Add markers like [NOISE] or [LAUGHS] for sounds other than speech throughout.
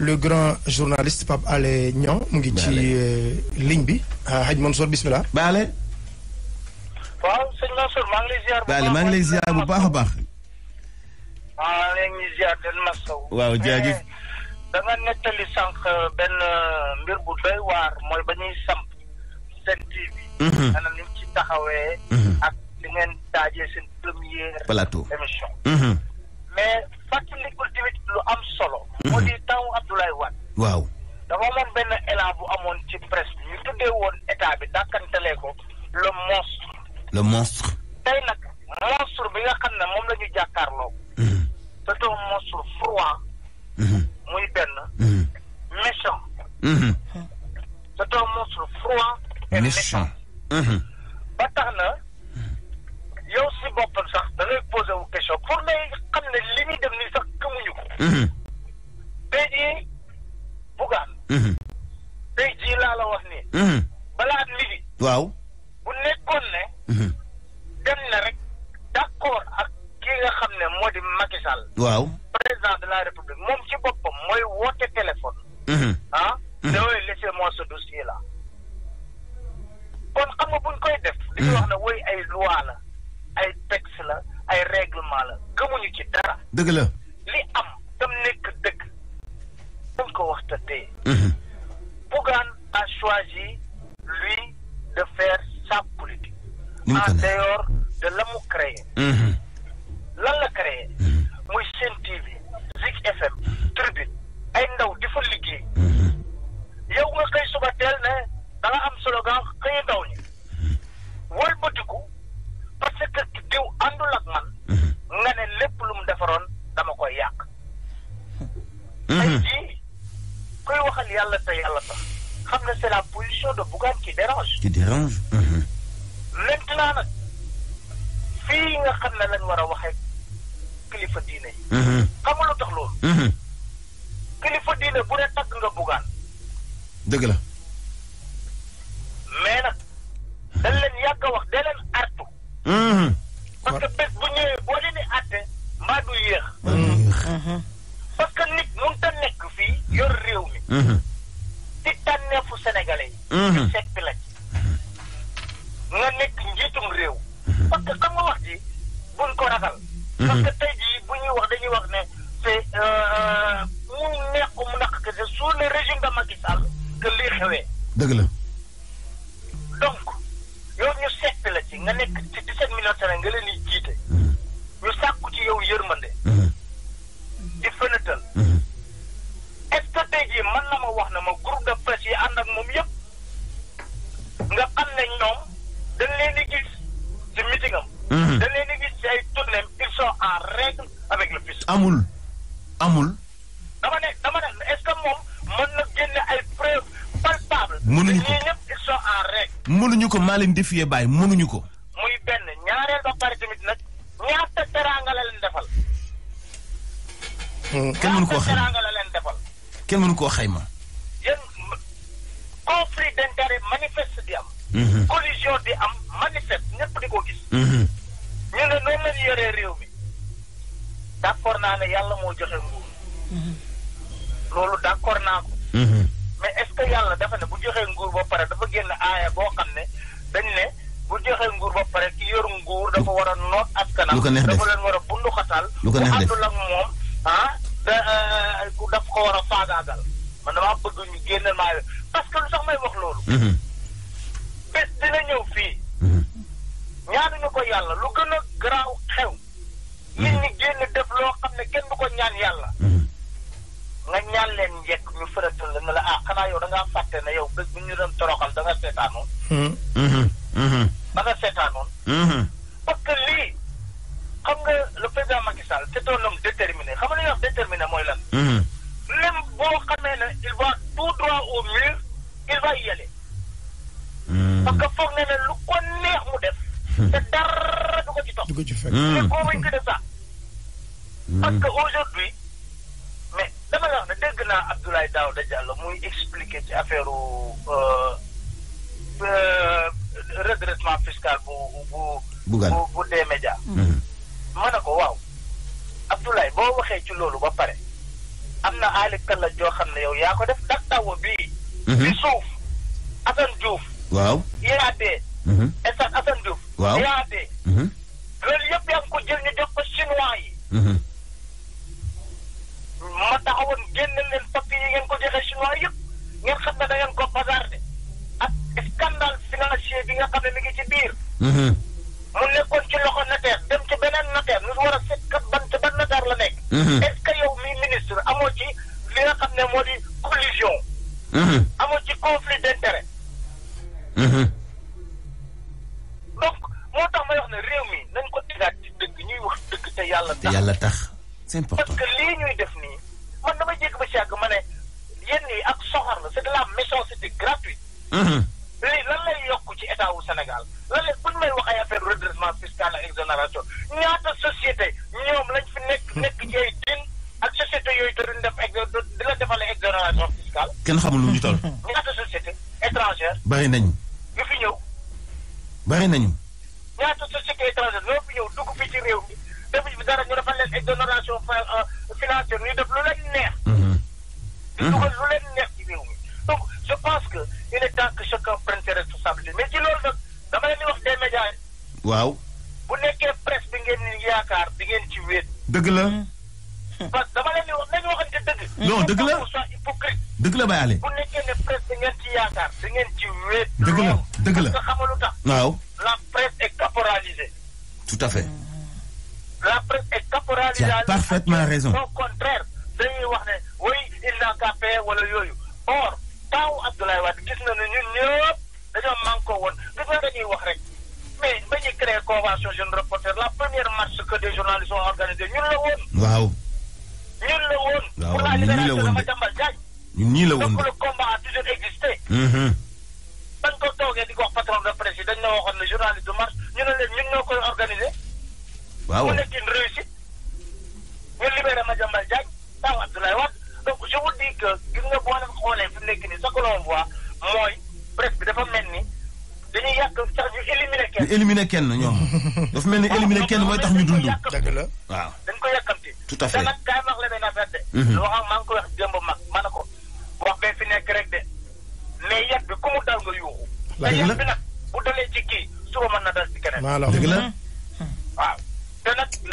le grand journaliste Pape Alé Niang mu ngi ci euh, ligne bi ah, Hadj Mansour bismillah baale waaw sëñ Mansour maa ngi lay maa ngi lay ziar bu baax a baax maa ngi ziar den masaw waaw jaajëf da nettali sànq euh, benn euh, mbir bu doy waar mooy ba ñuy samp seen TV mhm. ci taxawee mhm. ak li ngeen daajee seen première plateau émission mhm. mais fàttalikul tamit lu am solo dafa amoon benn élan bu amoon ci presse ñu tuddee woon état bi dàkkantalee ko le monstre. le monstre. tey nag monstre bi nga xam ne moom lañuy ñu jàkkaarloo. Mhm. c'est un monstre froid. Mhm. muy benn. Mhm. méchant. c'est un monstre froid. et ba tax na yow si boppam sax da ngay posé wu question pour ngay xam ne li ñuy dem nii sax gëmuñu ko. tey jii Mhm. tey jii laa la wax nii. Mhm. balaa midi. waaw bu nekkoon ne. Mhm. dem na rek d'accord ak ki nga xam ne moo di Macky Sall. waaw président de la république moom ci boppam mooy woote téléphone. ah. daway laissez-moi ce dossier là. kon xam nga buñ koy def. li ñu wax ne woy ay loi la ay texte la ay règlement la gëmuñu ci dara. dëgg la li am tam nekk dëgg. dañ ko wax tëddee. Mhm. Bougane a choisi lui de faire sa politique. en dehors de la mu créé. Mhm. la créé. Mhm. muy Sen TV Zik FM. yàlla te yàlla tax xam nga c'est la position de Bougane qui dérange. qui dérange. Uh-huh. maintenant fii nga xam ne lan war a waxee kilifa diine yi. Uh-huh. xam nga tax loolu. Uh-huh. kilifa diine bu takk nga Bougane. dëgg la. mais nag dañ leen wax da leen artu. parce que bés bu ñëwee boo leen du yéex. parce que nit mënut a nekk fii yor réew mi. sénégalais yi seet bi lañ nga nekk njiitum réew mhm. parce que xam nga wax ji buñ ko ragal mhm. parce que tey jii bu wax dañuy wax ne c'est euh, mu neex ko mu naq que c'est sous le régime de Macky Sall que lii xewee dëgg la donc yow ñu seet la ci nga nekk ci dix-sept millions sénégalais jiite mhm. ñu sàkku ci yow yërmande di fënatal man na ma wax na ma groupe de presse yi ànd ak moom yëpp nga xam ne ñoom dañ leen di gis ci meeting am. Mhm. leen di gis ci ay tournées ils sont en règle avec le amul amul. dama ne dama ne est-ce que moom mën na génne ay preuves palpables. mënuñu ko ñëpp ils sont en règle. ko maa leen ko. muy benn ñaareel ba pare tamit nag ñaata teraanga la leen defal. Hmm, kenn mënu ko xam. kenn mënu koo xayma. yéen conflit d'intérêt manifeste di am. Mhm. collision di am manifeste ñëpp di ko gis. Mhm. ñu ne noonu la ñu réew mi d'accord naa ne yàlla moo joxe nguur. Mhm. loolu d'accord naa ko. mais est-ce que yàlla dafa ne bu joxee nguur ba pare dafa génn aaya boo xam ne dañ ne bu joxee nguur ba pare ki yor nguur dafa war noot askanam. lu ko neex def dafa leen war a bundu xatal. lu ko neex def ku àndul ak moom ah. te euh, daf ko war a faagaagal man damaa bëgg ñu génneel maa parce que lu sax may wax loolu. Mhm. bés dina ñëw fii. Mhm. ñaanuñu ko yàlla lu gën a garaaw xew. Mhm. nit ñi génn def loo xam ne kenn du ko ñaan yàlla. nga ñaan leen njëkk ñu fëratal la ne la ah yow da ngaa fàtte ne yow bés bu ñu doon toroxal da seetaanoon. Hmm. da seetaanoon. parce lii. xam nga le président Macky Sall c'est un homme déterminé xam nga li déterminé mooy lan. Mhm. même boo xamee ne il va tout droit au mur il va y aller. Mhm. parce que foog na lu ko neex mu def. Mhm. te dara du ko ci topp. du ko ci fekk te parce que aujourd'hui mais dama la wax ne dégg naa Abdoulaye Daouda Diallo muy expliquer ci affaire euh, euh, redressement fiscal bu bu. mën na ko waaw Abdoulaye boo waxee ci loolu ba pare am na aali kalla joo xam ne yaa ko def ndax taw bii. Mhm. ci suuf Assane Diouf. waaw IAD. Mhm. Esat Assane Diouf. waaw IAD. Mhm. loolu yëpp yaa ngi ko jël ñu jox ko chinois yi. ma taxawoon génne leen papier yi ngeen ko joxe chinois yëpp ngeen xam ne da ngeen ko bazardé ak scandale financier bi nga xam ne mi nga ci biir. ci conflit d'intérêt. Mhm. donc moo tax ma wax ne réew mi nañ ko tegaat ci ñuy wax dëgg te yàlla tax. te tax c'est important parce que lii ñuy def nii man dama jégg ba si yàgg ma ne yenn yi ak soxor la c'est de la méchanceté gratuite. Mhm. léegi lan lay yokku ci état wu Sénégal lan lay buñ may wax ay affaire redressement fiscal ak exonération ñaata société ñoom lañ fi nekk nekk ak société yooyu te duñ def ex di la defalee exonération fiscale. kenn xamul lu ñu toll. [LAUGHS] bari nañu. ñu fi ñëw. bari nañu. ñaata société étrangère ñoo fi ñëw dugg fi ci réew mi defuñu leen exonération euh, financière ñu def lu leen neex. Mhm. di dugal mhm. lu leen neex ci réew mi donc je pense que il est temps que chacun prenne ses responsabilités mais ci loolu nag dama leen di wax des médias waaw. bu nekkee presse bi ngeen yaakaar di ngeen ci wéet. dëgg la. que dama leen di wax nañu waxante dëgg. non dëgg la. dëgg la Baye Allé. bu nekkee ne presse da ngeen ci yaakaar. da ngeen ci wéet. dëgg la dëgg la waaw la presse est caporalisée. tout à fait. la presse est caporalisée. tu parfaitement raison. au contraire dañuy wax ne oui il n'a qu'à payer wala yooyu or taawu Abdoulaye Wade gis na ne ñun ñëpp dañoo manqué woon gis nga dañuy wax rek mais ba ñuy convention jeune reporter la première marche que des journalistes organisée ñun la woon. waaw. ñun la woon. pour la libération dama ñun la woon donc le combat a toujours existé. Mhm. bañ ko toogee di ko wax patron de presse yi dañ la waxoon ne journaliste de marche ñu ne leen ñun ñoo koy organisé. waaw mu nekk une réussite. ñu libéré Madiambal Diagne taw donc je vous dis que gis nga boo leen xoolee fi mu nekk nii ce mooy presse bi dafa mel ni dañuy yàq sax ñu éliminer kenn. ñu éliminer kenn ñoom. dafa mel ni éliminer kenn mooy tax ñu dund. dëgg la waaw dañ ko yàkkamti. tout à fait te nag kaay ma wax de. loo xam mhm. daal nga yuuxu.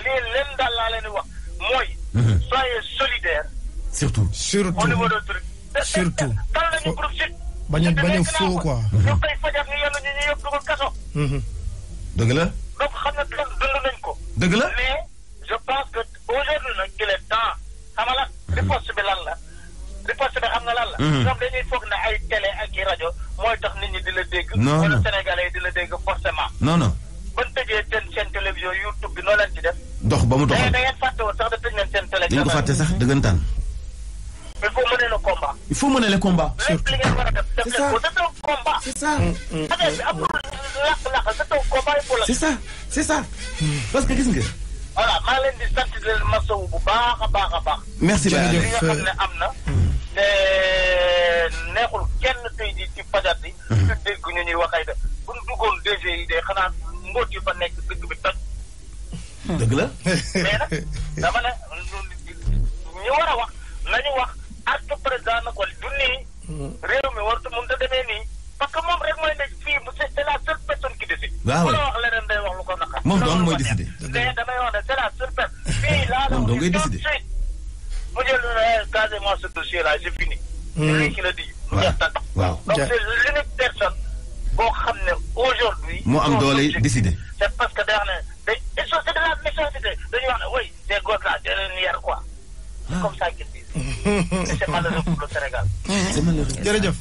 leen daal laa leen wax mooy. Mhm. soyez solidaire. surtout surtout au niveau de truc. bañ a bañ foo quoi. ñu mhm. koy fajar ñu ñoom mm-hmm. dañuy foog ne ay télé ak i rajo mooy tax nit ñi di la dégg. non non Sénégalais di la dégg forcément. non non. ba ñu tëjee seen seen télévision YouTube bi noo leen ci def. dox ba mu doxal eh, da ngeen fàtte woon da tëj leen seen télé. dañu ko fàtte sax dëggantaan. il faut mener le combat. il faut mener le combat. surtout lépp li ngeen war a def def leen ko c'est mm-hmm. un ça. c'est ça mm-hmm. parce que gis nga. voilà maa leen di sant di leen masawu bu baax a baax a baax. merci beaucoup li nga xam ne am na. neexul kenn tey ji ci fajar bi. ñu mhm. dégg ñu ñuy wax ay da bu ñu duggoon DG yi de xanaa mbóot yi fa nekk dëkk bi ta dëgg la. mais nag dama ne ñu war a wax nañu wax artu président na ko du nii. Mhm. réew mi warut mun a demee nii. parce que moom rek mooy ne fii c'est la seule personne qui décide. waaw ah la wax leneen day wax lu ko naqar. moom dong mooy décidé. mais damay wax ne c'est la [LAUGHS] mu jël Casamance eh, ce dossier là c'est fini. Hmm. c'est lui qui le waaw donc c'est l'unique personne boo xam ne aujourd'hui moo am doole décider. c'est parce que day wax ne day c'est de la nécessité dañuy wax ne oui ces gosses là da leen yar quoi. Ah. comme ça qu'ils pour le Sénégal. c'est malheureux